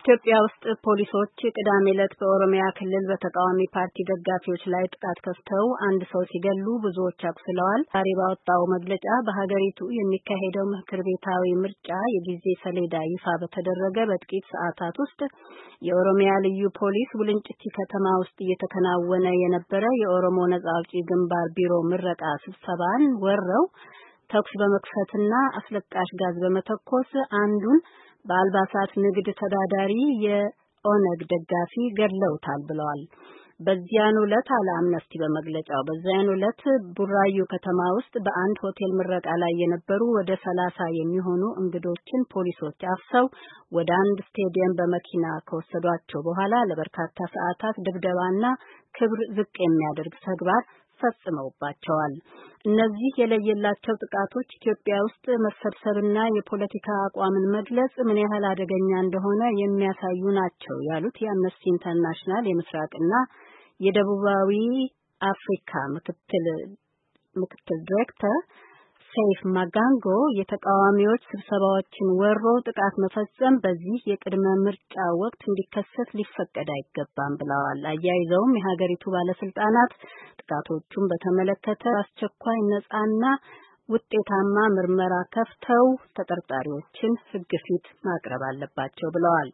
ኢትዮጵያ ውስጥ ፖሊሶች ቅዳሜ ዕለት በኦሮሚያ ክልል በተቃዋሚ ፓርቲ ደጋፊዎች ላይ ጥቃት ከፍተው አንድ ሰው ሲገሉ ብዙዎች አቁስለዋል። ዛሬ ባወጣው መግለጫ በሀገሪቱ የሚካሄደው ምክር ቤታዊ ምርጫ የጊዜ ሰሌዳ ይፋ በተደረገ በጥቂት ሰዓታት ውስጥ የኦሮሚያ ልዩ ፖሊስ ውልንጭቲ ከተማ ውስጥ እየተከናወነ የነበረ የኦሮሞ ነጻ አውጪ ግንባር ቢሮ ምረቃ ስብሰባን ወረው ተኩስ በመክፈትና አስለቃሽ ጋዝ በመተኮስ አንዱን በአልባሳት ንግድ ተዳዳሪ የኦነግ ደጋፊ ገድለውታል ብለዋል። በዚያን ዕለት አለ አምነስቲ በመግለጫው በዚያን ዕለት ቡራዩ ከተማ ውስጥ በአንድ ሆቴል ምረቃ ላይ የነበሩ ወደ ሰላሳ የሚሆኑ እንግዶችን ፖሊሶች አፍሰው ወደ አንድ ስቴዲየም በመኪና ከወሰዷቸው በኋላ ለበርካታ ሰዓታት ድብደባና ክብር ዝቅ የሚያደርግ ተግባር ፈጽመውባቸዋል። እነዚህ የለየላቸው ጥቃቶች ኢትዮጵያ ውስጥ መሰብሰብና የፖለቲካ አቋምን መግለጽ ምን ያህል አደገኛ እንደሆነ የሚያሳዩ ናቸው ያሉት የአምነስቲ ኢንተርናሽናል የምስራቅና የደቡባዊ አፍሪካ ምክትል ምክትል ዲሬክተር ሰይፍ ማጋንጎ የተቃዋሚዎች ስብሰባዎችን ወሮ ጥቃት መፈጸም በዚህ የቅድመ ምርጫ ወቅት እንዲከሰት ሊፈቀድ አይገባም ብለዋል። አያይዘውም የሀገሪቱ ባለስልጣናት ጥቃቶቹን በተመለከተ አስቸኳይ ነጻና ውጤታማ ምርመራ ከፍተው ተጠርጣሪዎችን ሕግ ፊት ማቅረብ አለባቸው ብለዋል።